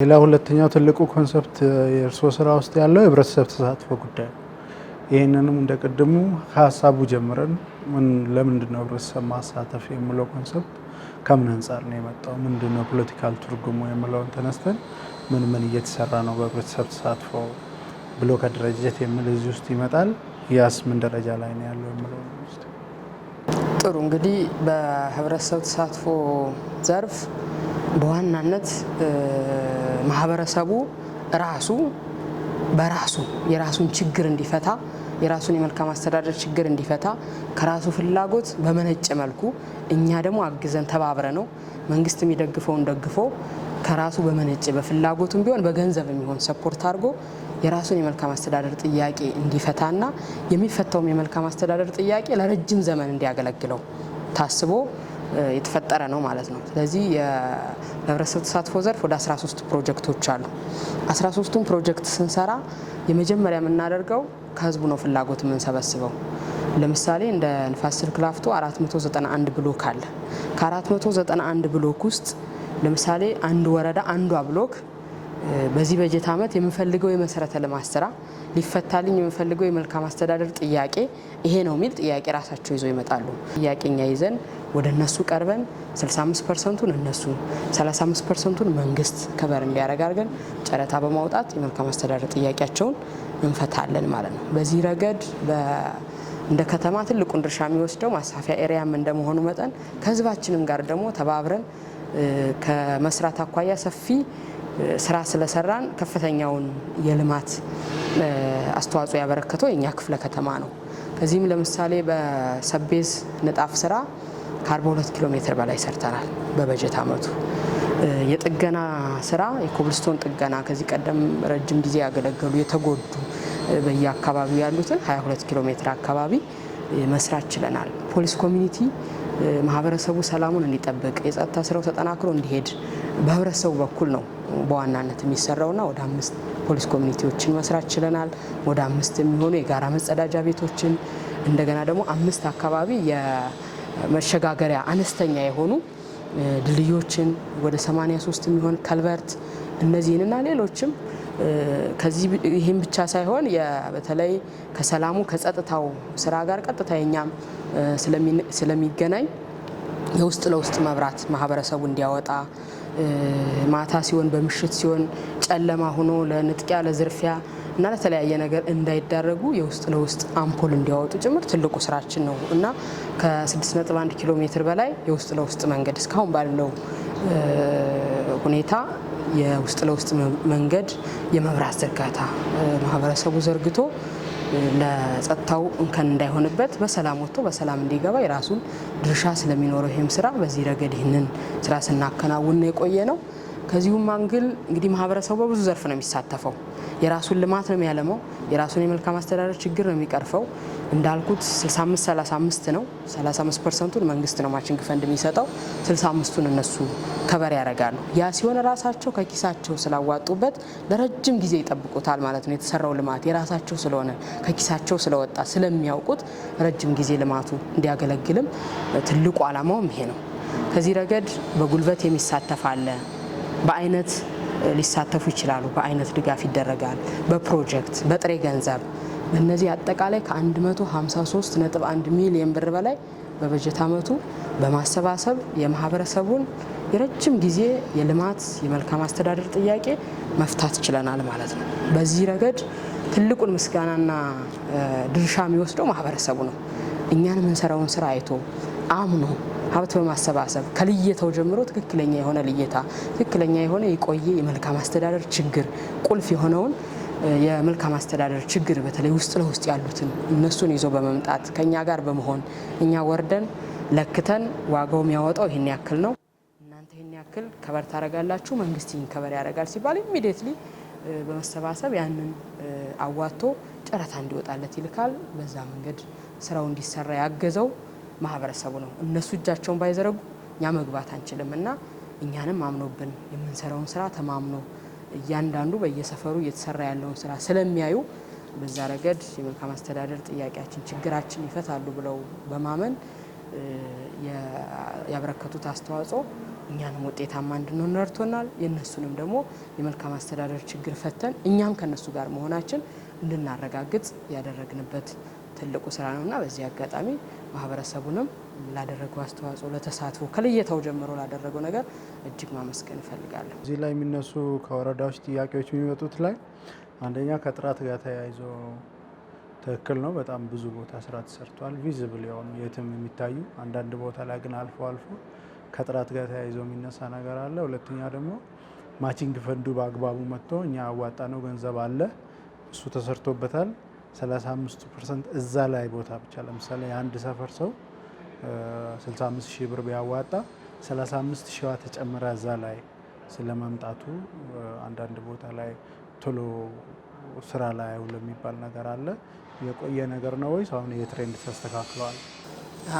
ሌላ ሁለተኛው ትልቁ ኮንሰፕት የእርስዎ ስራ ውስጥ ያለው የህብረተሰብ ተሳትፎ ጉዳይ ይህንንም እንደ ቅድሙ ከሀሳቡ ጀምረን ለምንድን ነው ህብረተሰብ ማሳተፍ የሚለው ኮንሰፕት ከምን አንጻር ነው የመጣው? ምንድን ነው ፖለቲካል ትርጉሙ የሚለውን ተነስተን ምን ምን እየተሰራ ነው በህብረተሰብ ተሳትፎ ብሎ ከደረጀት የሚል እዚህ ውስጥ ይመጣል። ያስ ምን ደረጃ ላይ ነው ያለው የሚለው ጥሩ እንግዲህ በህብረተሰብ ተሳትፎ ዘርፍ በዋናነት ማህበረሰቡ ራሱ በራሱ የራሱን ችግር እንዲፈታ የራሱን የመልካም አስተዳደር ችግር እንዲፈታ ከራሱ ፍላጎት በመነጨ መልኩ እኛ ደግሞ አግዘን ተባብረ ነው መንግስት የሚደግፈውን ደግፎ ከራሱ በመነጨ በፍላጎቱም ቢሆን በገንዘብ የሚሆን ሰፖርት አድርጎ የራሱን የመልካም አስተዳደር ጥያቄ እንዲፈታና የሚፈታውም የመልካም አስተዳደር ጥያቄ ለረጅም ዘመን እንዲያገለግለው ታስቦ የተፈጠረ ነው ማለት ነው። ስለዚህ የህብረተሰብ ተሳትፎ ዘርፍ ወደ 13 ፕሮጀክቶች አሉ። 13ቱም ፕሮጀክት ስንሰራ የመጀመሪያ የምናደርገው ከህዝቡ ነው ፍላጎት የምንሰበስበው። ለምሳሌ እንደ ንፋስ ስልክ ላፍቶ 491 ብሎክ አለ። ከ491 ብሎክ ውስጥ ለምሳሌ አንድ ወረዳ አንዷ ብሎክ በዚህ በጀት ዓመት የምፈልገው የመሰረተ ልማት ስራ ሊፈታልኝ የምፈልገው የመልካም አስተዳደር ጥያቄ ይሄ ነው የሚል ጥያቄ ራሳቸው ይዘው ይመጣሉ። ጥያቄኛ ይዘን ወደ እነሱ ቀርበን 65 ፐርሰንቱን እነሱ 35 ፐርሰንቱን መንግስት ከበር እንዲያደርግ አድርገን ጨረታ በማውጣት የመልካም አስተዳደር ጥያቄያቸውን እንፈታለን ማለት ነው። በዚህ ረገድ እንደ ከተማ ትልቁን ድርሻ የሚወስደው ማሳፊያ ኤሪያም እንደመሆኑ መጠን ከህዝባችንም ጋር ደግሞ ተባብረን ከመስራት አኳያ ሰፊ ስራ ስለሰራን ከፍተኛውን የልማት አስተዋጽኦ ያበረከተው የእኛ ክፍለ ከተማ ነው። ከዚህም ለምሳሌ በሰቤዝ ንጣፍ ስራ ከ42 ኪሎ ሜትር በላይ ሰርተናል በበጀት አመቱ። የጥገና ስራ የኮብልስቶን ጥገና ከዚህ ቀደም ረጅም ጊዜ ያገለገሉ የተጎዱ በየአካባቢው ያሉትን 22 ኪሎ ሜትር አካባቢ መስራት ችለናል። ፖሊስ ኮሚኒቲ ማህበረሰቡ ሰላሙን እንዲጠብቅ የጸጥታ ስራው ተጠናክሮ እንዲሄድ በህብረተሰቡ በኩል ነው በዋናነት የሚሰራውና ወደ አምስት ፖሊስ ኮሚኒቲዎችን መስራት ችለናል። ወደ አምስት የሚሆኑ የጋራ መጸዳጃ ቤቶችን እንደገና ደግሞ አምስት አካባቢ የመሸጋገሪያ አነስተኛ የሆኑ ድልድዮችን ወደ 83 የሚሆን ከልቨርት እነዚህንና ሌሎችም ከዚህ ይህም ብቻ ሳይሆን በተለይ ከሰላሙ ከጸጥታው ስራ ጋር ቀጥታ የኛም ስለሚገናኝ የውስጥ ለውስጥ መብራት ማህበረሰቡ እንዲያወጣ ማታ ሲሆን በምሽት ሲሆን ጨለማ ሆኖ ለንጥቂያ፣ ለዝርፊያ እና ለተለያየ ነገር እንዳይዳረጉ የውስጥ ለውስጥ አምፖል እንዲያወጡ ጭምር ትልቁ ስራችን ነው እና ከ6.1 ኪሎ ሜትር በላይ የውስጥ ለውስጥ መንገድ እስካሁን ባለው ሁኔታ የውስጥ ለውስጥ መንገድ የመብራት ዝርጋታ ማህበረሰቡ ዘርግቶ ለጸጥታው እንከን እንዳይሆንበት በሰላም ወጥቶ በሰላም እንዲገባ የራሱን ድርሻ ስለሚኖረው ይህም ስራ በዚህ ረገድ ይህንን ስራ ስናከናውን የቆየ ነው። ከዚሁም አንግል እንግዲህ ማህበረሰቡ በብዙ ዘርፍ ነው የሚሳተፈው። የራሱን ልማት ነው የሚያለመው። የራሱን የመልካም አስተዳደር ችግር ነው የሚቀርፈው። እንዳልኩት 65 35 ነው። 35 ፐርሰንቱን መንግስት ነው ማችንግ ፈንድ የሚሰጠው፣ 65ቱን እነሱ ከበር ያደርጋሉ። ያ ሲሆን ራሳቸው ከኪሳቸው ስላዋጡበት ለረጅም ጊዜ ይጠብቁታል ማለት ነው። የተሰራው ልማት የራሳቸው ስለሆነ ከኪሳቸው ስለወጣ ስለሚያውቁት ረጅም ጊዜ ልማቱ እንዲያገለግልም ትልቁ ዓላማውም ይሄ ነው። ከዚህ ረገድ በጉልበት የሚሳተፍ አለ። በአይነት ሊሳተፉ ይችላሉ። በአይነት ድጋፍ ይደረጋል። በፕሮጀክት በጥሬ ገንዘብ በእነዚህ አጠቃላይ ከ153.1 ሚሊዮን ብር በላይ በበጀት ዓመቱ በማሰባሰብ የማህበረሰቡን የረጅም ጊዜ የልማት የመልካም አስተዳደር ጥያቄ መፍታት ችለናል ማለት ነው። በዚህ ረገድ ትልቁን ምስጋናና ድርሻ የሚወስደው ማህበረሰቡ ነው። እኛን የምንሰራውን ስራ አይቶ አምኖ ሀብት በማሰባሰብ ከልየታው ጀምሮ ትክክለኛ የሆነ ልየታ፣ ትክክለኛ የሆነ የቆየ የመልካም አስተዳደር ችግር ቁልፍ የሆነውን የመልካም አስተዳደር ችግር በተለይ ውስጥ ለውስጥ ያሉትን እነሱን ይዞ በመምጣት ከእኛ ጋር በመሆን እኛ ወርደን ለክተን ዋጋው የሚያወጣው ይህን ያክል ነው፣ እናንተ ይህን ያክል ከበር ታደርጋላችሁ፣ መንግስት ይህን ከበር ያደርጋል ሲባል ኢሚዲየትሊ በመሰባሰብ ያንን አዋጥቶ ጨረታ እንዲወጣለት ይልካል። በዛ መንገድ ስራው እንዲሰራ ያገዘው ማህበረሰቡ ነው። እነሱ እጃቸውን ባይዘረጉ እኛ መግባት አንችልም እና እኛንም አምኖብን የምንሰራውን ስራ ተማምኖ እያንዳንዱ በየሰፈሩ እየተሰራ ያለውን ስራ ስለሚያዩ በዛ ረገድ የመልካም አስተዳደር ጥያቄያችን፣ ችግራችን ይፈታሉ ብለው በማመን ያበረከቱት አስተዋጽኦ እኛንም ውጤታማ እንድንሆን ረድቶናል። የእነሱንም ደግሞ የመልካም አስተዳደር ችግር ፈተን እኛም ከነሱ ጋር መሆናችን እንድናረጋግጥ ያደረግንበት ትልቁ ስራ ነውና በዚህ አጋጣሚ ማህበረሰቡንም ላደረገው አስተዋጽኦ ለተሳትፎ ከልየታው ጀምሮ ላደረገው ነገር እጅግ ማመስገን እፈልጋለሁ። እዚህ ላይ የሚነሱ ከወረዳዎች ጥያቄዎች የሚመጡት ላይ አንደኛ ከጥራት ጋር ተያይዞ ትክክል ነው። በጣም ብዙ ቦታ ስራ ተሰርቷል። ቪዝብል የሆኑ የትም የሚታዩ አንዳንድ ቦታ ላይ ግን አልፎ አልፎ ከጥራት ጋር ተያይዞ የሚነሳ ነገር አለ። ሁለተኛ ደግሞ ማቺንግ ፈንዱ በአግባቡ መጥቶ እኛ አዋጣ ነው ገንዘብ አለ እሱ ተሰርቶበታል 35 ፐርሰንት እዛ ላይ ቦታ ብቻ ለምሳሌ የአንድ ሰፈር ሰው 65 ሺህ ብር ቢያዋጣ 35 ሺዋ ተጨምራ እዛ ላይ ስለመምጣቱ አንዳንድ ቦታ ላይ ቶሎ ስራ ላይ አይውል የሚባል ነገር አለ። የቆየ ነገር ነው ወይስ አሁን የትሬንድ ተስተካክለዋል?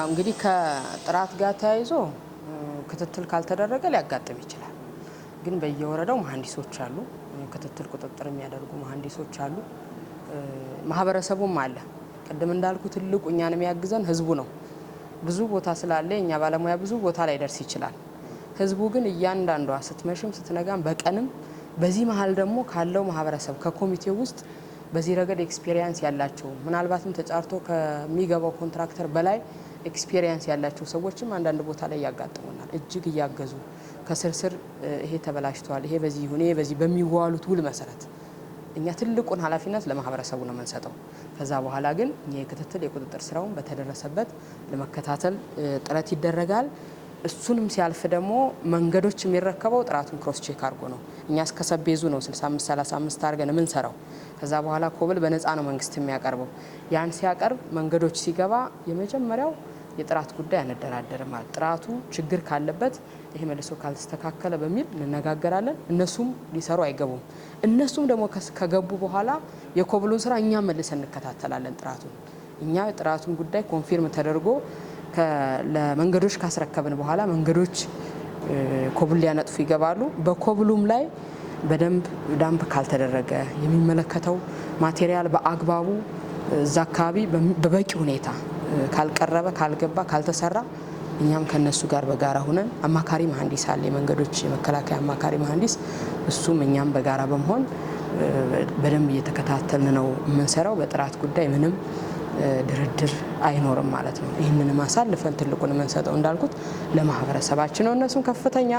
እንግዲህ ከጥራት ጋር ተያይዞ ክትትል ካልተደረገ ሊያጋጥም ይችላል። ግን በየወረዳው መሀንዲሶች አሉ፣ ክትትል ቁጥጥር የሚያደርጉ መሀንዲሶች አሉ። ማህበረሰቡም አለ። ቅድም እንዳልኩ ትልቁ እኛን የሚያግዘን ህዝቡ ነው። ብዙ ቦታ ስላለ እኛ ባለሙያ ብዙ ቦታ ላይ ደርስ ይችላል። ህዝቡ ግን እያንዳንዷ ስትመሽም ስትነጋም በቀንም በዚህ መሀል ደግሞ ካለው ማህበረሰብ ከኮሚቴው ውስጥ በዚህ ረገድ ኤክስፒሪየንስ ያላቸው ምናልባትም ተጫርቶ ከሚገባው ኮንትራክተር በላይ ኤክስፔሪየንስ ያላቸው ሰዎችም አንዳንድ ቦታ ላይ ያጋጥሙናል። እጅግ እያገዙ ከስርስር ይሄ ተበላሽቷል፣ ይሄ በዚህ ይሁን፣ ይሄ በዚህ በሚዋሉት ውል መሰረት እኛ ትልቁን ኃላፊነት ለማህበረሰቡ ነው የምንሰጠው። ከዛ በኋላ ግን የክትትል የቁጥጥር ስራውን በተደረሰበት ለመከታተል ጥረት ይደረጋል። እሱንም ሲያልፍ ደግሞ መንገዶች የሚረከበው ጥራቱን ክሮስ ቼክ አድርጎ ነው። እኛ እስከ ሰቤዙ ነው 6535 አድርገን የምንሰራው። ከዛ በኋላ ኮብል በነፃ ነው መንግስት የሚያቀርበው። ያን ሲያቀርብ መንገዶች ሲገባ የመጀመሪያው የጥራት ጉዳይ አንደራደርም ማለት ጥራቱ ችግር ካለበት ይሄ መልሶ ካልተስተካከለ በሚል እንነጋገራለን። እነሱም ሊሰሩ አይገቡም። እነሱም ደግሞ ከገቡ በኋላ የኮብሎን ስራ እኛ መልሰን እንከታተላለን። ጥራቱን እኛ ጥራቱን ጉዳይ ኮንፊርም ተደርጎ ለመንገዶች ካስረከብን በኋላ መንገዶች ኮብል ሊያነጥፉ ይገባሉ። በኮብሉም ላይ በደንብ ዳምፕ ካልተደረገ የሚመለከተው ማቴሪያል በአግባቡ እዛ አካባቢ በበቂ ሁኔታ ካልቀረበ፣ ካልገባ፣ ካልተሰራ እኛም ከነሱ ጋር በጋራ ሆነን አማካሪ መሀንዲስ አለ፣ የመንገዶች የመከላከያ አማካሪ መሀንዲስ። እሱም እኛም በጋራ በመሆን በደንብ እየተከታተልን ነው የምንሰራው። በጥራት ጉዳይ ምንም ድርድር አይኖርም ማለት ነው። ይህንንም አሳልፈን ትልቁን የምንሰጠው እንዳልኩት ለማህበረሰባችን ነው። እነሱም ከፍተኛ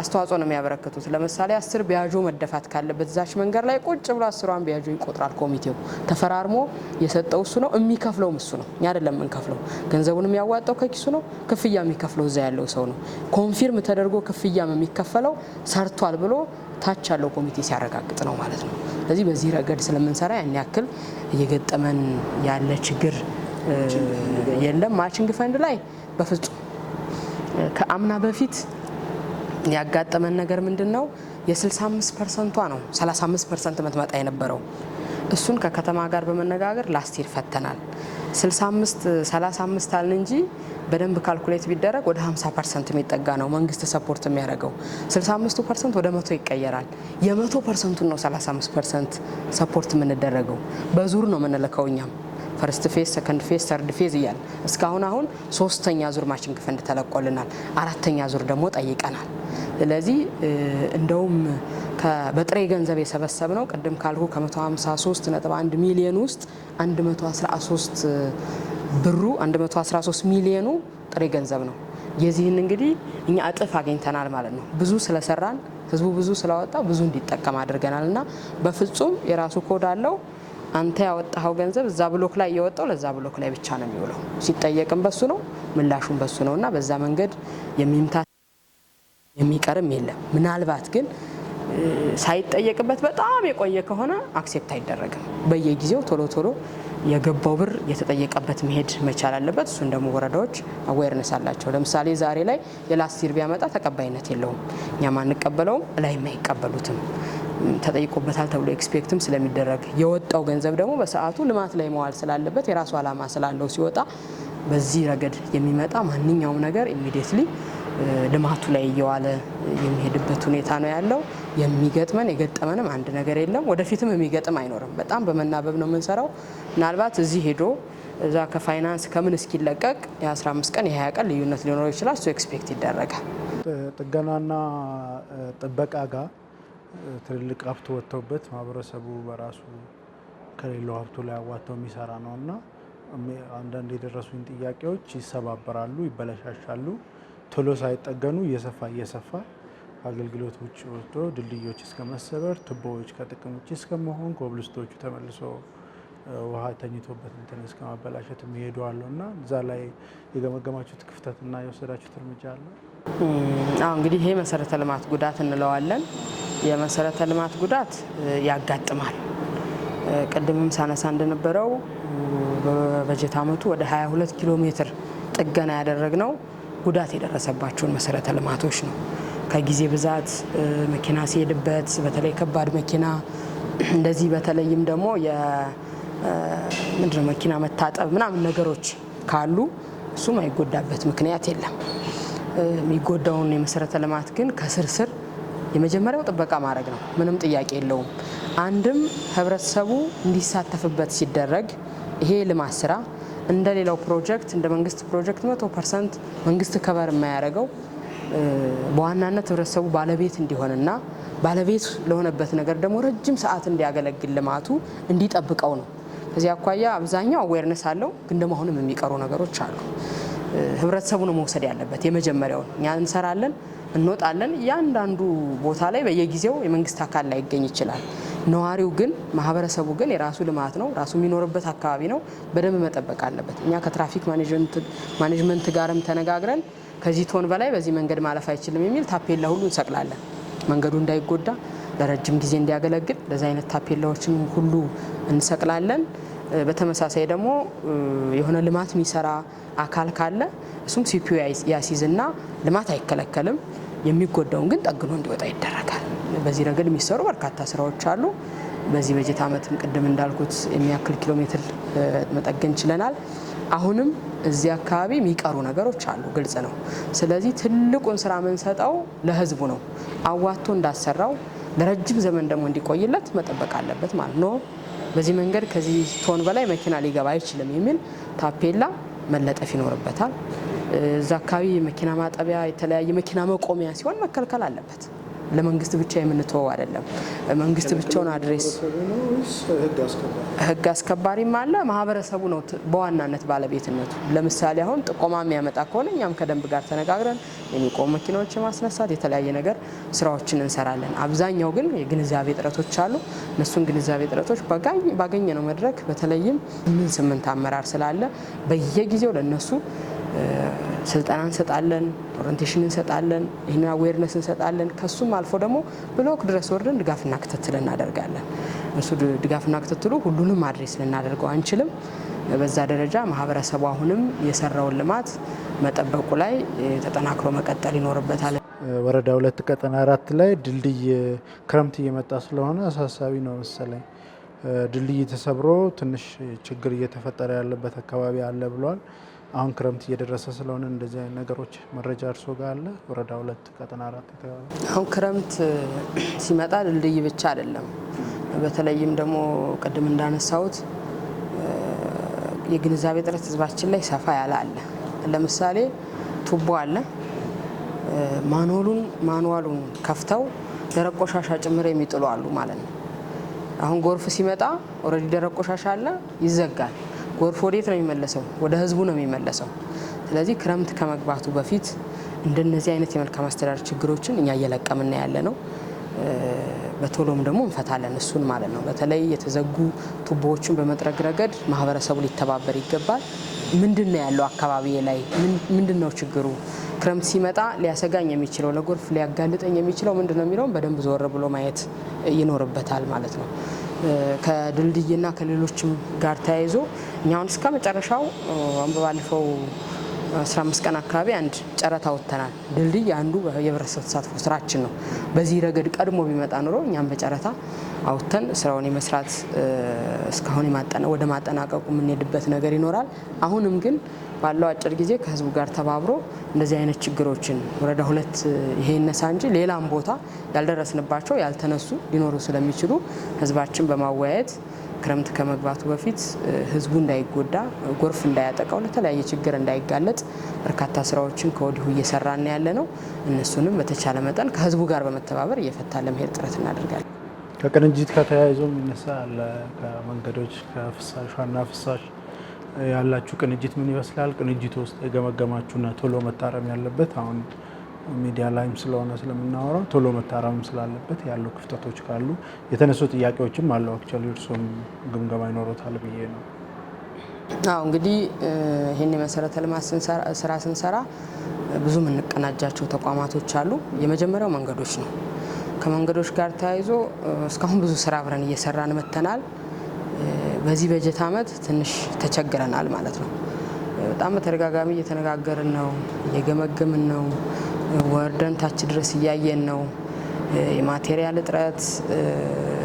አስተዋጽኦ ነው የሚያበረክቱት። ለምሳሌ አስር ቢያጆ መደፋት ካለበት ዛች መንገድ ላይ ቁጭ ብሎ አስሯን ቢያጆ ይቆጥራል ኮሚቴው። ተፈራርሞ የሰጠው እሱ ነው፣ የሚከፍለውም እሱ ነው። እኛ አይደለም የምንከፍለው። ገንዘቡን የሚያዋጣው ከኪሱ ነው፣ ክፍያ የሚከፍለው እዛ ያለው ሰው ነው። ኮንፊርም ተደርጎ ክፍያም የሚከፈለው ሰርቷል ብሎ ታች ያለው ኮሚቴ ሲያረጋግጥ ነው ማለት ነው። ስለዚህ በዚህ ረገድ ስለምንሰራ ያን ያክል እየገጠመን ያለ ችግር የለም። ማችንግ ፈንድ ላይ በፍጹም ከአምና በፊት ያጋጠመን ነገር ምንድን ነው? የ65 ፐርሰንቷ ነው 35 ፐርሰንት የምትመጣ የነበረው እሱን ከከተማ ጋር በመነጋገር ላስቲር ፈተናል። 65 35 አልን እንጂ በደንብ ካልኩሌት ቢደረግ ወደ 50 ፐርሰንት የሚጠጋ ነው መንግስት ሰፖርት የሚያደርገው። 65 ፐርሰንት ወደ መቶ ይቀየራል። የመቶ ፐርሰንቱን ነው 35 ፐርሰንት ሰፖርት የምንደረገው። በዙር ነው የምንልከው እኛም ፈርስት ፌዝ፣ ሰከንድ ፌዝ፣ ሰርድ ፌዝ እያለ እስካሁን አሁን ሶስተኛ ዙር ማሽንግ ፈንድ ተለቆልናል። አራተኛ ዙር ደግሞ ጠይቀናል። ስለዚህ እንደውም በጥሬ ገንዘብ የሰበሰብ ነው ቅድም ካልኩ ከ153.1 ሚሊዮን ውስጥ 113 ብሩ 113 ሚሊዮኑ ጥሬ ገንዘብ ነው። የዚህን እንግዲህ እኛ እጥፍ አግኝተናል ማለት ነው። ብዙ ስለሰራን ህዝቡ ብዙ ስላወጣ ብዙ እንዲጠቀም አድርገናል እና በፍጹም የራሱ ኮድ አለው። አንተ ያወጣኸው ገንዘብ እዛ ብሎክ ላይ የወጣው ለዛ ብሎክ ላይ ብቻ ነው የሚውለው። ሲጠየቅም በሱ ነው ምላሹም በሱ ነው እና በዛ መንገድ የሚምታት የሚቀርም የለም። ምናልባት ግን ሳይጠየቅበት በጣም የቆየ ከሆነ አክሴፕት አይደረግም። በየጊዜው ቶሎ ቶሎ የገባው ብር የተጠየቀበት መሄድ መቻል አለበት። እሱን ደግሞ ወረዳዎች አዌርነስ አላቸው። ለምሳሌ ዛሬ ላይ የላስቲር ቢያመጣ ተቀባይነት የለውም፣ እኛም አንቀበለውም፣ ላይም አይቀበሉትም። ተጠይቆበታል ተብሎ ኤክስፔክትም ስለሚደረግ የወጣው ገንዘብ ደግሞ በሰዓቱ ልማት ላይ መዋል ስላለበት የራሱ ዓላማ ስላለው ሲወጣ በዚህ ረገድ የሚመጣ ማንኛውም ነገር ኢሚዲየትሊ ልማቱ ላይ እየዋለ የሚሄድበት ሁኔታ ነው ያለው። የሚገጥመን የገጠመንም አንድ ነገር የለም። ወደፊትም የሚገጥም አይኖርም። በጣም በመናበብ ነው የምንሰራው። ምናልባት እዚህ ሄዶ እዛ ከፋይናንስ ከምን እስኪለቀቅ የ15 ቀን የ20 ቀን ልዩነት ሊኖረው ይችላል። እሱ ኤክስፔክት ይደረጋል። ጥገናና ጥበቃ ጋር ትልልቅ ሀብት ወጥተውበት ማህበረሰቡ በራሱ ከሌለው ሀብቱ ላይ አዋተው የሚሰራ ነው እና አንዳንድ የደረሱኝ ጥያቄዎች ይሰባበራሉ፣ ይበለሻሻሉ። ቶሎ ሳይጠገኑ እየሰፋ እየሰፋ አገልግሎት ውጭ ወጥቶ ድልድዮች እስከ መሰበር፣ ቱቦዎች ከጥቅም ውጭ እስከ መሆን፣ ኮብልስቶቹ ተመልሶ ውሃ ተኝቶበት እንትን እስከ ማበላሸት የሚሄዱ አሉ እና እዛ ላይ የገመገማችሁት ክፍተትና የወሰዳችሁት እርምጃ አለ? እንግዲህ ይሄ መሰረተ ልማት ጉዳት እንለዋለን። የመሰረተ ልማት ጉዳት ያጋጥማል። ቅድምም ሳነሳ እንደነበረው በበጀት ዓመቱ ወደ 22 ኪሎ ሜትር ጥገና ያደረግነው ጉዳት የደረሰባቸውን መሰረተ ልማቶች ነው። ከጊዜ ብዛት መኪና ሲሄድበት በተለይ ከባድ መኪና እንደዚህ በተለይም ደግሞ የምንድነው መኪና መታጠብ ምናምን ነገሮች ካሉ እሱም አይጎዳበት ምክንያት የለም። የሚጎዳውን የመሰረተ ልማት ግን ከስርስር የመጀመሪያው ጥበቃ ማድረግ ነው። ምንም ጥያቄ የለውም። አንድም ህብረተሰቡ እንዲሳተፍበት ሲደረግ ይሄ ልማት ስራ እንደ ሌላው ፕሮጀክት እንደ መንግስት ፕሮጀክት መቶ ፐርሰንት መንግስት ከበር የማያደርገው በዋናነት ህብረተሰቡ ባለቤት እንዲሆንና ባለቤት ለሆነበት ነገር ደግሞ ረጅም ሰዓት እንዲያገለግል ልማቱ እንዲጠብቀው ነው። ከዚህ አኳያ አብዛኛው አዌርነስ አለው፣ ግን ደግሞ አሁንም የሚቀሩ ነገሮች አሉ። ህብረተሰቡ ነው መውሰድ ያለበት የመጀመሪያውን እኛ እንሰራለን እንወጣለን። እያንዳንዱ ቦታ ላይ በየጊዜው የመንግስት አካል ይገኝ ይችላል። ነዋሪው ግን ማህበረሰቡ ግን የራሱ ልማት ነው፣ ራሱ የሚኖርበት አካባቢ ነው፣ በደንብ መጠበቅ አለበት። እኛ ከትራፊክ ማኔጅመንት ጋርም ተነጋግረን ከዚህ ቶን በላይ በዚህ መንገድ ማለፍ አይችልም የሚል ታፔላ ሁሉ እንሰቅላለን። መንገዱ እንዳይጎዳ ለረጅም ጊዜ እንዲያገለግል ለዚ አይነት ታፔላዎችም ሁሉ እንሰቅላለን። በተመሳሳይ ደግሞ የሆነ ልማት የሚሰራ አካል ካለ እሱም ሲፒዩ ያሲዝና ልማት አይከለከልም። የሚጎዳውን ግን ጠግኖ እንዲወጣ ይደረጋል። በዚህ ረገድ የሚሰሩ በርካታ ስራዎች አሉ። በዚህ በጀት ዓመትም ቅድም እንዳልኩት የሚያክል ኪሎ ሜትር መጠገን ችለናል። አሁንም እዚህ አካባቢ የሚቀሩ ነገሮች አሉ፣ ግልጽ ነው። ስለዚህ ትልቁን ስራ የምንሰጠው ለህዝቡ ነው። አዋቶ እንዳሰራው ለረጅም ዘመን ደግሞ እንዲቆይለት መጠበቅ አለበት ማለት ነው። በዚህ መንገድ ከዚህ ቶን በላይ መኪና ሊገባ አይችልም የሚል ታፔላ መለጠፍ ይኖርበታል። እዛ አካባቢ የመኪና ማጠቢያ፣ የተለያየ መኪና መቆሚያ ሲሆን መከልከል አለበት። ለመንግስት ብቻ የምንተወው አይደለም። መንግስት ብቻውን አድሬስ ህግ አስከባሪም አለ። ማህበረሰቡ ነው በዋናነት ባለቤትነቱ። ለምሳሌ አሁን ጥቆማ የሚያመጣ ከሆነ እኛም ከደንብ ጋር ተነጋግረን የሚቆሙ መኪናዎች የማስነሳት የተለያየ ነገር ስራዎችን እንሰራለን። አብዛኛው ግን የግንዛቤ እጥረቶች አሉ። እነሱን ግንዛቤ ጥረቶች ባገኘ ነው መድረክ በተለይም ስምንት አመራር ስላለ በየጊዜው ለነሱ ስልጠና እንሰጣለን፣ ኦሪንቴሽን እንሰጣለን፣ ይህንን አዌርነስ እንሰጣለን። ከሱም አልፎ ደግሞ ብሎክ ድረስ ወርደን ድጋፍና ክትትል እናደርጋለን። እሱ ድጋፍና ክትትሉ ሁሉንም አድሬስ ልናደርገው አንችልም። በዛ ደረጃ ማህበረሰቡ አሁንም የሰራውን ልማት መጠበቁ ላይ ተጠናክሮ መቀጠል ይኖርበታል። ወረዳ ሁለት ቀጠና አራት ላይ ድልድይ ክረምት እየመጣ ስለሆነ አሳሳቢ ነው መሰለኝ ድልድይ ተሰብሮ ትንሽ ችግር እየተፈጠረ ያለበት አካባቢ አለ ብሏል። አሁን ክረምት እየደረሰ ስለሆነ እንደዚህ አይነት ነገሮች መረጃ እርሶ ጋር አለ? ወረዳ ሁለት ቀጠና አራት አሁን ክረምት ሲመጣ ድልድይ ብቻ አይደለም። በተለይም ደግሞ ቅድም እንዳነሳሁት የግንዛቤ ጥረት ህዝባችን ላይ ሰፋ ያለ አለ። ለምሳሌ ቱቦ አለ። ማንዋሉን ማኑዋሉን ከፍተው ደረቅ ቆሻሻ ጭምር የሚጥሉ አሉ ማለት ነው። አሁን ጎርፍ ሲመጣ ኦልሬዲ ደረቅ ቆሻሻ አለ፣ ይዘጋል ጎርፍ ወዴት ነው የሚመለሰው? ወደ ህዝቡ ነው የሚመለሰው። ስለዚህ ክረምት ከመግባቱ በፊት እንደነዚህ አይነት የመልካም አስተዳደር ችግሮችን እኛ እየለቀምና ያለ ነው። በቶሎም ደግሞ እንፈታለን እሱን ማለት ነው። በተለይ የተዘጉ ቱቦዎችን በመጥረግ ረገድ ማህበረሰቡ ሊተባበር ይገባል። ምንድን ነው ያለው አካባቢ ላይ ምንድን ነው ችግሩ? ክረምት ሲመጣ ሊያሰጋኝ የሚችለው ለጎርፍ ሊያጋልጠኝ የሚችለው ምንድን ነው የሚለውን በደንብ ዞር ብሎ ማየት ይኖርበታል ማለት ነው። ከድልድይና ከሌሎችም ጋር ተያይዞ እኛውን እስከ መጨረሻው ባለፈው 15 ቀን አካባቢ አንድ ጨረታ ወጥተናል። ድልድይ አንዱ የህብረተሰብ ተሳትፎ ስራችን ነው። በዚህ ረገድ ቀድሞ ቢመጣ ኑሮ እኛም በጨረታ አውጥተን ስራውን የመስራት እስካሁን ወደ ማጠናቀቁ የምንሄድበት ነገር ይኖራል። አሁንም ግን ባለው አጭር ጊዜ ከህዝቡ ጋር ተባብሮ እንደዚህ አይነት ችግሮችን ወረዳ ሁለት ይሄ ይነሳ እንጂ ሌላም ቦታ ያልደረስንባቸው ያልተነሱ ሊኖሩ ስለሚችሉ ህዝባችን በማወያየት ክረምት ከመግባቱ በፊት ህዝቡ እንዳይጎዳ ጎርፍ እንዳያጠቃው ለተለያየ ችግር እንዳይጋለጥ በርካታ ስራዎችን ከወዲሁ እየሰራና ያለ ነው። እነሱንም በተቻለ መጠን ከህዝቡ ጋር በመተባበር እየፈታ ለመሄድ ጥረት እናደርጋለን። ከቅንጅት ከተያይዞ የሚነሳ አለ። ከመንገዶች ከፍሳሽ ዋና ፍሳሽ ያላችሁ ቅንጅት ምን ይመስላል? ቅንጅት ውስጥ የገመገማችሁና ቶሎ መታረም ያለበት አሁን ሚዲያ ላይም ስለሆነ ስለምናወራው ቶሎ መታረምም ስላለበት ያሉ ክፍተቶች ካሉ የተነሱ ጥያቄዎችም አለው። አክቹዋሊ እርሶም ግምገማ ይኖሮታል ብዬ ነው። አዎ እንግዲህ ይህን የመሰረተ ልማት ስራ ስንሰራ ብዙ የምንቀናጃቸው ተቋማቶች አሉ። የመጀመሪያው መንገዶች ነው። ከመንገዶች ጋር ተያይዞ እስካሁን ብዙ ስራ አብረን እየሰራን መተናል። በዚህ በጀት አመት ትንሽ ተቸግረናል ማለት ነው። በጣም በተደጋጋሚ እየተነጋገርን ነው፣ እየገመገምን ነው ወርደን ታች ድረስ እያየን ነው። የማቴሪያል እጥረት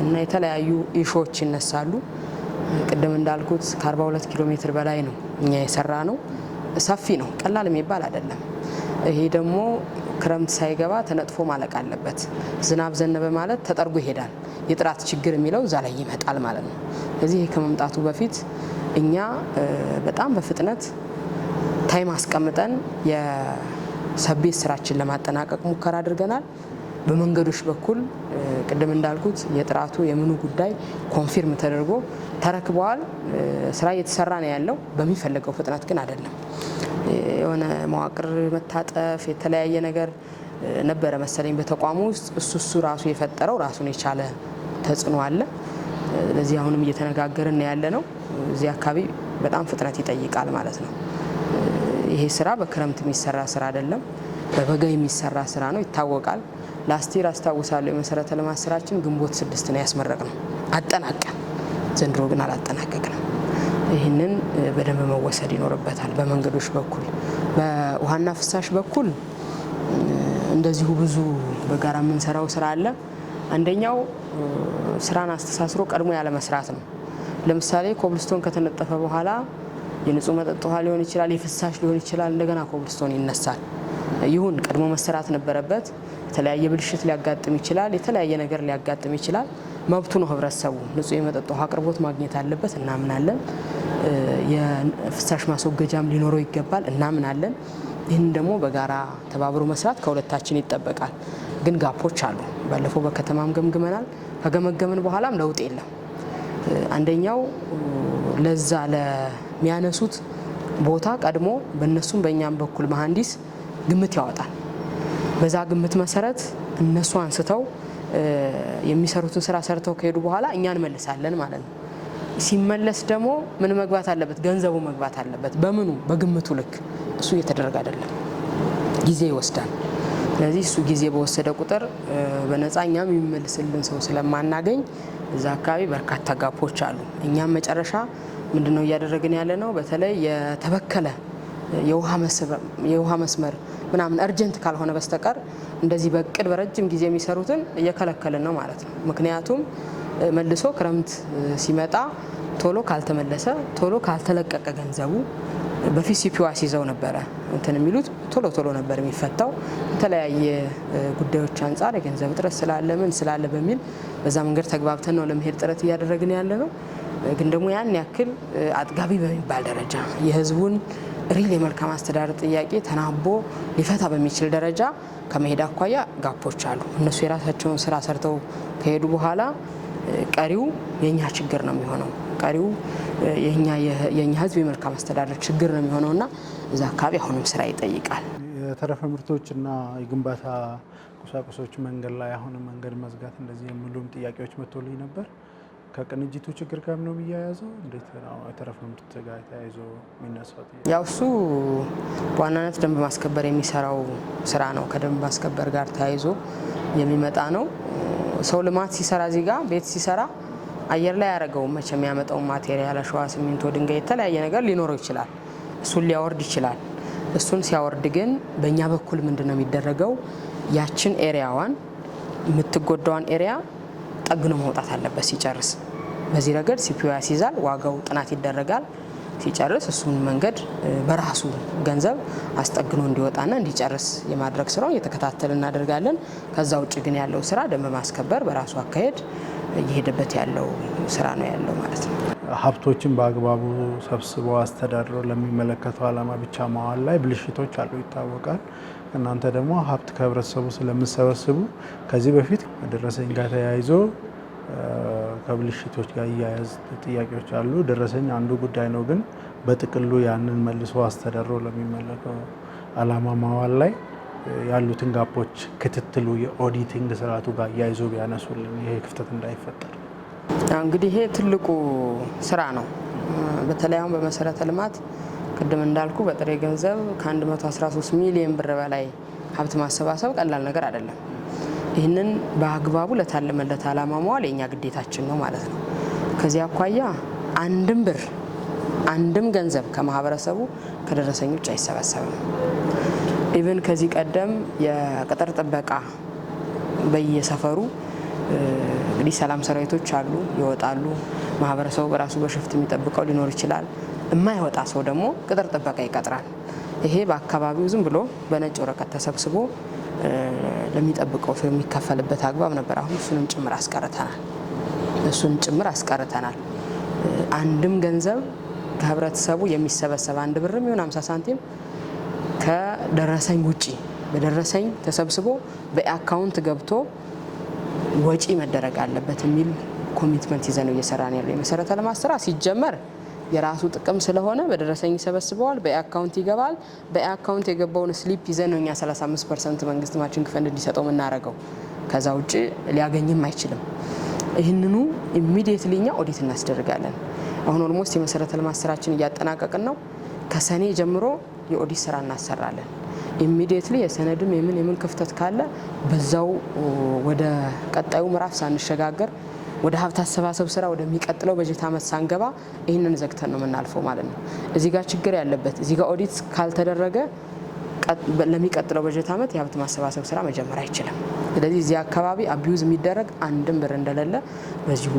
እና የተለያዩ ኢሾዎች ይነሳሉ። ቅድም እንዳልኩት ከ42 ኪሎ ሜትር በላይ ነው እኛ የሰራ ነው። ሰፊ ነው፣ ቀላል የሚባል አይደለም። ይሄ ደግሞ ክረምት ሳይገባ ተነጥፎ ማለቅ አለበት። ዝናብ ዘነበ ማለት ተጠርጎ ይሄዳል። የጥራት ችግር የሚለው እዛ ላይ ይመጣል ማለት ነው። እዚህ ከመምጣቱ በፊት እኛ በጣም በፍጥነት ታይም አስቀምጠን ሰቤት ስራችን ለማጠናቀቅ ሙከራ አድርገናል። በመንገዶች በኩል ቅድም እንዳልኩት የጥራቱ የምኑ ጉዳይ ኮንፊርም ተደርጎ ተረክበዋል። ስራ እየተሰራ ነው ያለው፣ በሚፈለገው ፍጥነት ግን አይደለም። የሆነ መዋቅር መታጠፍ የተለያየ ነገር ነበረ መሰለኝ በተቋሙ ውስጥ እሱ እሱ ራሱ የፈጠረው ራሱን የቻለ ተጽዕኖ አለ። ለዚህ አሁንም እየተነጋገርን ያለ ነው። እዚህ አካባቢ በጣም ፍጥነት ይጠይቃል ማለት ነው። ይሄ ስራ በክረምት የሚሰራ ስራ አይደለም፣ በበጋ የሚሰራ ስራ ነው። ይታወቃል። ላስቲር አስታውሳለሁ የመሰረተ ልማት ስራችን ግንቦት ስድስት ነው ያስመረቅ ነው አጠናቀን። ዘንድሮ ግን አላጠናቀቅንም። ይህንን በደንብ መወሰድ ይኖርበታል። በመንገዶች በኩል በውሃና ፍሳሽ በኩል እንደዚሁ ብዙ በጋራ የምንሰራው ስራ አለ። አንደኛው ስራን አስተሳስሮ ቀድሞ ያለመስራት ነው። ለምሳሌ ኮብልስቶን ከተነጠፈ በኋላ የንጹህ መጠጥ ውሃ ሊሆን ይችላል፣ የፍሳሽ ሊሆን ይችላል። እንደገና ኮብልስቶን ይነሳል። ይሁን ቀድሞ መሰራት ነበረበት። የተለያየ ብልሽት ሊያጋጥም ይችላል፣ የተለያየ ነገር ሊያጋጥም ይችላል። መብቱ ነው። ህብረተሰቡ ንጹህ የመጠጥ ውሃ አቅርቦት ማግኘት አለበት፣ እናምናለን። የፍሳሽ ማስወገጃም ሊኖረው ይገባል፣ እናምናለን። ይህን ደግሞ በጋራ ተባብሮ መስራት ከሁለታችን ይጠበቃል። ግን ጋፖች አሉ። ባለፈው በከተማም ገምግመናል። ከገመገምን በኋላም ለውጥ የለም። አንደኛው ለዛ የሚያነሱት ቦታ ቀድሞ በእነሱም በእኛም በኩል መሀንዲስ ግምት ያወጣል። በዛ ግምት መሰረት እነሱ አንስተው የሚሰሩትን ስራ ሰርተው ከሄዱ በኋላ እኛ እንመልሳለን ማለት ነው። ሲመለስ ደግሞ ምን መግባት አለበት? ገንዘቡ መግባት አለበት። በምኑ? በግምቱ ልክ። እሱ እየተደረገ አይደለም፣ ጊዜ ይወስዳል። ስለዚህ እሱ ጊዜ በወሰደ ቁጥር በነፃ እኛም የሚመልስልን ሰው ስለማናገኝ እዛ አካባቢ በርካታ ጋፖች አሉ። እኛም መጨረሻ ምንድነው እያደረግን ያለ ነው፣ በተለይ የተበከለ የውሃ መስመር ምናምን እርጀንት ካልሆነ በስተቀር እንደዚህ በእቅድ በረጅም ጊዜ የሚሰሩትን እየከለከልን ነው ማለት ነው። ምክንያቱም መልሶ ክረምት ሲመጣ ቶሎ ካልተመለሰ ቶሎ ካልተለቀቀ ገንዘቡ በፊት ሲፒዋስ ይዘው ነበረ እንትን የሚሉት ቶሎ ቶሎ ነበር የሚፈታው። የተለያየ ጉዳዮች አንጻር የገንዘብ እጥረት ስላለ ምን ስላለ በሚል በዛ መንገድ ተግባብተን ነው ለመሄድ ጥረት እያደረግን ያለ ነው። ግን ደግሞ ያን ያክል አጥጋቢ በሚባል ደረጃ የህዝቡን ሪል የመልካም አስተዳደር ጥያቄ ተናቦ ሊፈታ በሚችል ደረጃ ከመሄድ አኳያ ጋፖች አሉ። እነሱ የራሳቸውን ስራ ሰርተው ከሄዱ በኋላ ቀሪው የእኛ ችግር ነው የሚሆነው። ቀሪው የእኛ ህዝብ የመልካም አስተዳደር ችግር ነው የሚሆነው እና እዛ አካባቢ አሁንም ስራ ይጠይቃል። የተረፈ ምርቶች እና የግንባታ ቁሳቁሶች መንገድ ላይ አሁን መንገድ መዝጋት እንደዚህ የሚሉም ጥያቄዎች መጥቶልኝ ነበር። ከቅንጅቱ ችግር ጋር ነው የሚያያዘው። እንዴት ነው የተረፈ ምርት ጋር ተያይዞ የሚነሳው? ያው እሱ በዋናነት ደንብ ማስከበር የሚሰራው ስራ ነው። ከደንብ ማስከበር ጋር ተያይዞ የሚመጣ ነው። ሰው ልማት ሲሰራ እዚህ ጋር ቤት ሲሰራ አየር ላይ ያደረገው መቼ የሚያመጣው ማቴሪያል አሸዋ፣ ሲሚንቶ፣ ድንጋይ የተለያየ ነገር ሊኖረው ይችላል። እሱን ሊያወርድ ይችላል። እሱን ሲያወርድ ግን በእኛ በኩል ምንድን ነው የሚደረገው? ያችን ኤሪያዋን የምትጎዳዋን ኤሪያ ጠግኖ መውጣት አለበት ሲጨርስ። በዚህ ረገድ ሲፒዩ ያስይዛል። ዋጋው ጥናት ይደረጋል። ሲጨርስ እሱን መንገድ በራሱ ገንዘብ አስጠግኖ እንዲወጣና እንዲጨርስ የማድረግ ስራውን እየተከታተል እናደርጋለን። ከዛ ውጭ ግን ያለው ስራ ደንብ ማስከበር በራሱ አካሄድ እየሄደበት ያለው ስራ ነው ያለው ማለት ነው። ሀብቶችን በአግባቡ ሰብስቦ አስተዳድሮ ለሚመለከተው ዓላማ ብቻ መዋል ላይ ብልሽቶች አሉ ይታወቃል። እናንተ ደግሞ ሀብት ከህብረተሰቡ ስለምሰበስቡ ከዚህ በፊት ደረሰኝ ጋር ተያይዞ ከብልሽቶች ጋር እያያዝ ጥያቄዎች አሉ። ደረሰኝ አንዱ ጉዳይ ነው። ግን በጥቅሉ ያንን መልሶ አስተዳድሮ ለሚመለከው አላማ ማዋል ላይ ያሉትን ጋፖች ክትትሉ የኦዲቲንግ ስርዓቱ ጋር እያይዞ ቢያነሱልን ይሄ ክፍተት እንዳይፈጠር። እንግዲህ ይሄ ትልቁ ስራ ነው። በተለይ አሁን በመሰረተ ልማት ቅድም እንዳልኩ በጥሬ ገንዘብ ከ113 ሚሊዮን ብር በላይ ሀብት ማሰባሰብ ቀላል ነገር አይደለም። ይህንን በአግባቡ ለታለመለት ዓላማ መዋል የእኛ ግዴታችን ነው ማለት ነው። ከዚህ አኳያ አንድም ብር አንድም ገንዘብ ከማህበረሰቡ ከደረሰኞች አይሰበሰብም። ኢቨን ከዚህ ቀደም የቅጥር ጥበቃ በየሰፈሩ እንግዲህ ሰላም ሰራዊቶች አሉ፣ ይወጣሉ። ማህበረሰቡ በራሱ በሽፍት የሚጠብቀው ሊኖር ይችላል። የማይወጣ ሰው ደግሞ ቅጥር ጥበቃ ይቀጥራል። ይሄ በአካባቢው ዝም ብሎ በነጭ ወረቀት ተሰብስቦ ለሚጠብቀው ሰው የሚከፈልበት አግባብ ነበር። አሁን እሱንም ጭምር አስቀርተናል። እሱን ጭምር አስቀርተናል። አንድም ገንዘብ ከህብረተሰቡ የሚሰበሰብ አንድ ብርም ይሁን 50 ሳንቲም ከደረሰኝ ውጪ በደረሰኝ ተሰብስቦ በአካውንት ገብቶ ወጪ መደረግ አለበት የሚል ኮሚትመንት ይዘ ነው እየሰራን ያለው። የመሰረተ ልማት ስራ ሲጀመር የራሱ ጥቅም ስለሆነ በደረሰኝ ይሰበስበዋል፣ በአካውንት ይገባል። በአካውንት የገባውን ስሊፕ ይዘን ነው እኛ 35 ፐርሰንት መንግስት ማችን እንዲሰጠው የምናደርገው። ከዛ ውጭ ሊያገኝም አይችልም። ይህንኑ ኢሚዲየትሊ እኛ ኦዲት እናስደርጋለን። አሁን ኦልሞስት የመሰረተ ልማት ስራችን እያጠናቀቅን ነው። ከሰኔ ጀምሮ የኦዲት ስራ እናሰራለን። ኢሚዲየትሊ የሰነድም የምን የምን ክፍተት ካለ በዛው ወደ ቀጣዩ ምዕራፍ ሳንሸጋገር ወደ ሀብት አሰባሰብ ስራ ወደሚቀጥለው በጀት ዓመት ሳንገባ ይህንን ዘግተን ነው የምናልፈው ማለት ነው። እዚህ ጋር ችግር ያለበት እዚህ ጋር ኦዲት ካልተደረገ ለሚቀጥለው በጀት ዓመት የሀብት ማሰባሰብ ስራ መጀመር አይችልም። ስለዚህ እዚህ አካባቢ አቢዩዝ የሚደረግ አንድም ብር እንደሌለ በዚሁ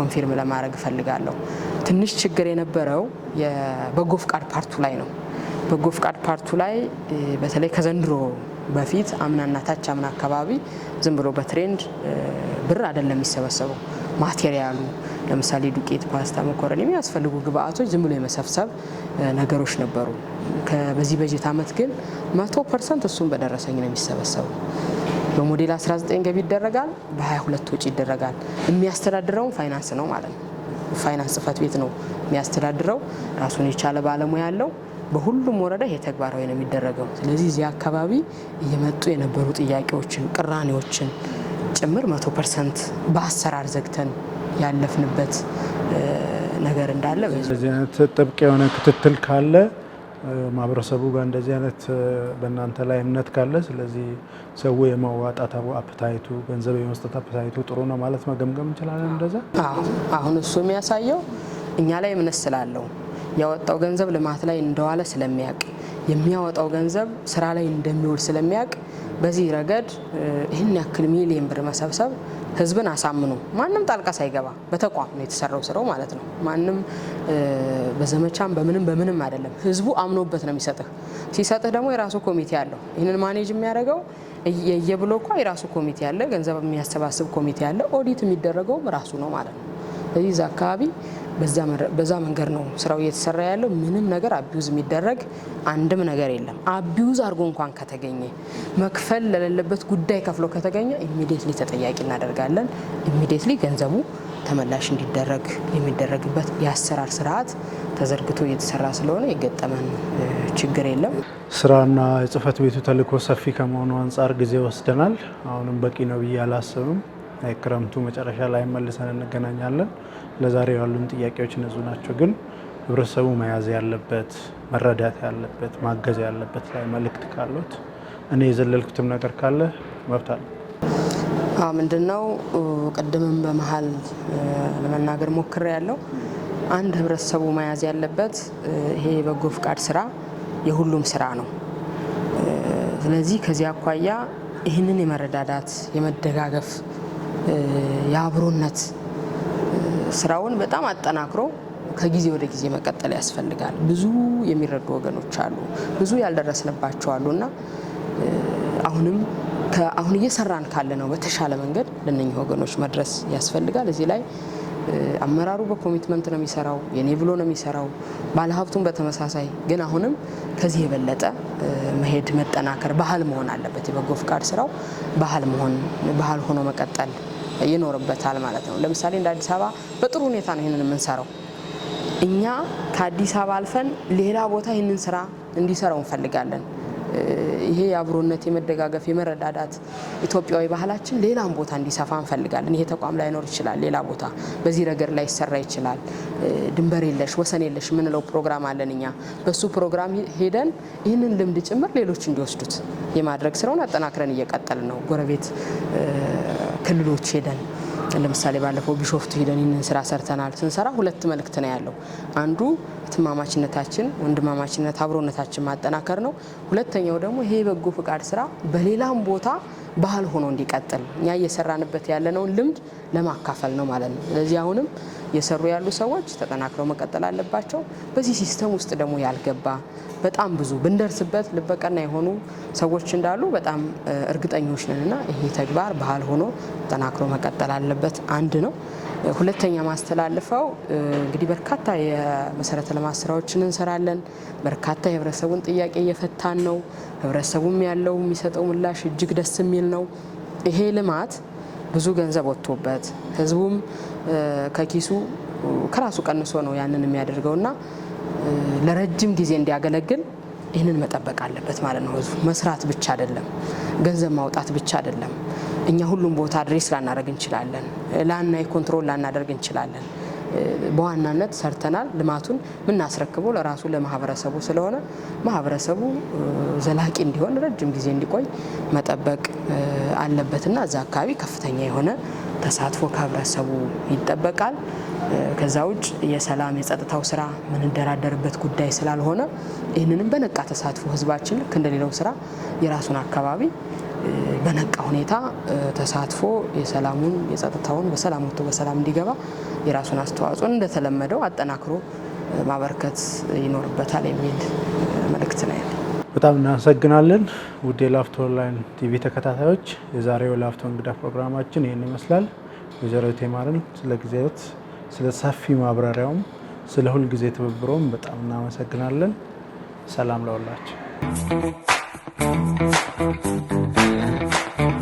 ኮንፊርም ለማድረግ እፈልጋለሁ። ትንሽ ችግር የነበረው የበጎ ፍቃድ ፓርቱ ላይ ነው። በጎ ፍቃድ ፓርቱ ላይ በተለይ ከዘንድሮ በፊት አምናና ታች አምና አካባቢ ዝም ብሎ በትሬንድ ብር አይደለም የሚሰበሰበው ማቴሪያሉ ለምሳሌ ዱቄት፣ ፓስታ፣ መኮረኒ የሚያስፈልጉ ግብአቶች ዝም ብሎ የመሰብሰብ ነገሮች ነበሩ። በዚህ በጀት ዓመት ግን መቶ ፐርሰንት እሱም በደረሰኝ ነው የሚሰበሰበው። በሞዴል 19 ገቢ ይደረጋል፣ በ22 ወጪ ይደረጋል። የሚያስተዳድረውም ፋይናንስ ነው ማለት ነው። ፋይናንስ ጽፈት ቤት ነው የሚያስተዳድረው። ራሱን የቻለ ባለሙያ ያለው በሁሉም ወረዳ ይሄ ተግባራዊ ነው የሚደረገው። ስለዚህ እዚህ አካባቢ እየመጡ የነበሩ ጥያቄዎችን፣ ቅራኔዎችን ጭምር መቶ ፐርሰንት በአሰራር ዘግተን ያለፍንበት ነገር እንዳለ እንደዚህ አይነት ጥብቅ የሆነ ክትትል ካለ ማህበረሰቡ ጋር እንደዚህ አይነት በእናንተ ላይ እምነት ካለ ስለዚህ ሰው የማዋጣት አፕታይቱ ገንዘብ የመስጠት አፕታይቱ ጥሩ ነው ማለት መገምገም እንችላለን። እንደዛ አሁን እሱ የሚያሳየው እኛ ላይ እምነት ስላለው ያወጣው ገንዘብ ልማት ላይ እንደዋለ ስለሚያውቅ የሚያወጣው ገንዘብ ስራ ላይ እንደሚውል ስለሚያውቅ በዚህ ረገድ ይህን ያክል ሚሊየን ብር መሰብሰብ ህዝብን አሳምኖ ማንም ጣልቃ ሳይገባ በተቋም ነው የተሰራው ስራው ማለት ነው። ማንም በዘመቻም በምንም በምንም አይደለም። ህዝቡ አምኖበት ነው የሚሰጥህ። ሲሰጥህ ደግሞ የራሱ ኮሚቴ አለው። ይህንን ማኔጅ የሚያደርገው የየብሎኳ የራሱ ኮሚቴ አለ። ገንዘብ የሚያሰባስብ ኮሚቴ አለ። ኦዲት የሚደረገውም ራሱ ነው ማለት ነው። ስለዚህ እዛ አካባቢ በዛ መንገድ ነው ስራው እየተሰራ ያለው። ምንም ነገር አቢውዝ የሚደረግ አንድም ነገር የለም። አቢውዝ አድርጎ እንኳን ከተገኘ መክፈል ለሌለበት ጉዳይ ከፍሎ ከተገኘ ኢሚዲየትሊ ተጠያቂ እናደርጋለን። ኢሚዲየትሊ ገንዘቡ ተመላሽ እንዲደረግ የሚደረግበት የአሰራር ስርዓት ተዘርግቶ እየተሰራ ስለሆነ የገጠመን ችግር የለም። ስራና የጽህፈት ቤቱ ተልእኮ ሰፊ ከመሆኑ አንጻር ጊዜ ወስደናል። አሁንም በቂ ነው ብዬ አላስብም። ክረምቱ መጨረሻ ላይ መልሰን እንገናኛለን። ለዛሬ ያሉን ጥያቄዎች እነዙ ናቸው። ግን ህብረተሰቡ መያዝ ያለበት መረዳት ያለበት ማገዝ ያለበት ላይ መልእክት ካሉት እኔ የዘለልኩትም ነገር ካለ መብት አለ። ምንድነው ቅድምም በመሀል ለመናገር ሞክሬ ያለው አንድ ህብረተሰቡ መያዝ ያለበት ይሄ የበጎ ፍቃድ ስራ የሁሉም ስራ ነው። ስለዚህ ከዚህ አኳያ ይህንን የመረዳዳት የመደጋገፍ የአብሮነት ስራውን በጣም አጠናክሮ ከጊዜ ወደ ጊዜ መቀጠል ያስፈልጋል። ብዙ የሚረዱ ወገኖች አሉ፣ ብዙ ያልደረስንባቸው አሉ እና አሁንም አሁን እየሰራን ካለ ነው በተሻለ መንገድ ለእነኝህ ወገኖች መድረስ ያስፈልጋል። እዚህ ላይ አመራሩ በኮሚትመንት ነው የሚሰራው፣ የኔ ብሎ ነው የሚሰራው፣ ባለሀብቱን በተመሳሳይ። ግን አሁንም ከዚህ የበለጠ መሄድ መጠናከር ባህል መሆን አለበት። የበጎ ፍቃድ ስራው ባህል መሆን ባህል ሆኖ መቀጠል ይኖርበታል ማለት ነው። ለምሳሌ እንደ አዲስ አበባ በጥሩ ሁኔታ ነው ይህንን የምንሰራው። እኛ ከአዲስ አበባ አልፈን ሌላ ቦታ ይህንን ስራ እንዲሰራው እንፈልጋለን። ይሄ የአብሮነት፣ የመደጋገፍ፣ የመረዳዳት ኢትዮጵያዊ ባህላችን ሌላም ቦታ እንዲሰፋ እንፈልጋለን። ይሄ ተቋም ላይኖር ይችላል፣ ሌላ ቦታ በዚህ ነገር ላይ ይሰራ ይችላል። ድንበር የለሽ ወሰን የለሽ የምንለው ፕሮግራም አለን እኛ። በሱ ፕሮግራም ሄደን ይህንን ልምድ ጭምር ሌሎች እንዲወስዱት የማድረግ ስራውን አጠናክረን እየቀጠልን ነው። ጎረቤት ክልሎች ሄደን ለምሳሌ ባለፈው ቢሾፍቱ ሄደን ይህንን ስራ ሰርተናል። ስንሰራ ሁለት መልእክት ነው ያለው። አንዱ ትማማችነታችን፣ ወንድማማችነት፣ አብሮነታችን ማጠናከር ነው። ሁለተኛው ደግሞ ይሄ የበጎ ፍቃድ ስራ በሌላም ቦታ ባህል ሆኖ እንዲቀጥል እኛ እየሰራንበት ያለነውን ልምድ ለማካፈል ነው ማለት ነው። ስለዚህ አሁንም እየሰሩ ያሉ ሰዎች ተጠናክረው መቀጠል አለባቸው። በዚህ ሲስተም ውስጥ ደግሞ ያልገባ በጣም ብዙ ብንደርስበት ልበቀና የሆኑ ሰዎች እንዳሉ በጣም እርግጠኞች ነን ይሄ ተግባር ባህል ሆኖ ተጠናክሮ መቀጠል አለበት። አንድ ነው። ሁለተኛ ማስተላልፈው እንግዲህ በርካታ የመሰረተ ልማት ስራዎችን እንሰራለን። በርካታ የህብረተሰቡን ጥያቄ እየፈታን ነው። ህብረተሰቡም ያለው የሚሰጠው ምላሽ እጅግ ደስ የሚል ነው። ይሄ ልማት ብዙ ገንዘብ ወጥቶበት ህዝቡም ከኪሱ ከራሱ ቀንሶ ነው ያንን የሚያደርገውና ለረጅም ጊዜ እንዲያገለግል ይህንን መጠበቅ አለበት ማለት ነው። ህዝቡ መስራት ብቻ አይደለም፣ ገንዘብ ማውጣት ብቻ አይደለም። እኛ ሁሉም ቦታ ድሬስ ላናደርግ እንችላለን። ላናይ ኮንትሮል ላናደርግ እንችላለን። በዋናነት ሰርተናል። ልማቱን የምናስረክበው ለራሱ ለማህበረሰቡ ስለሆነ ማህበረሰቡ ዘላቂ እንዲሆን ረጅም ጊዜ እንዲቆይ መጠበቅ አለበትና እዛ አካባቢ ከፍተኛ የሆነ ተሳትፎ ከህብረተሰቡ ይጠበቃል። ከዛ ውጭ የሰላም የጸጥታው ስራ የምንደራደርበት ጉዳይ ስላልሆነ ይህንንም በነቃ ተሳትፎ ህዝባችን ልክ እንደሌላው ስራ የራሱን አካባቢ በነቃ ሁኔታ ተሳትፎ የሰላሙን የጸጥታውን በሰላም ወጥቶ በሰላም እንዲገባ የራሱን አስተዋጽኦን እንደተለመደው አጠናክሮ ማበርከት ይኖርበታል የሚል መልእክት ነው ያለ። በጣም እናመሰግናለን። ውድ የላፍቶ ኦንላይን ቲቪ ተከታታዮች የዛሬው ላፍቶ እንግዳ ፕሮግራማችን ይህን ይመስላል። ወይዘሮ ቴማርን ስለ ጊዜዎት፣ ስለ ሰፊ ማብራሪያውም ስለ ሁልጊዜ ትብብሮም በጣም እናመሰግናለን። ሰላም ለውላቸው Thank you.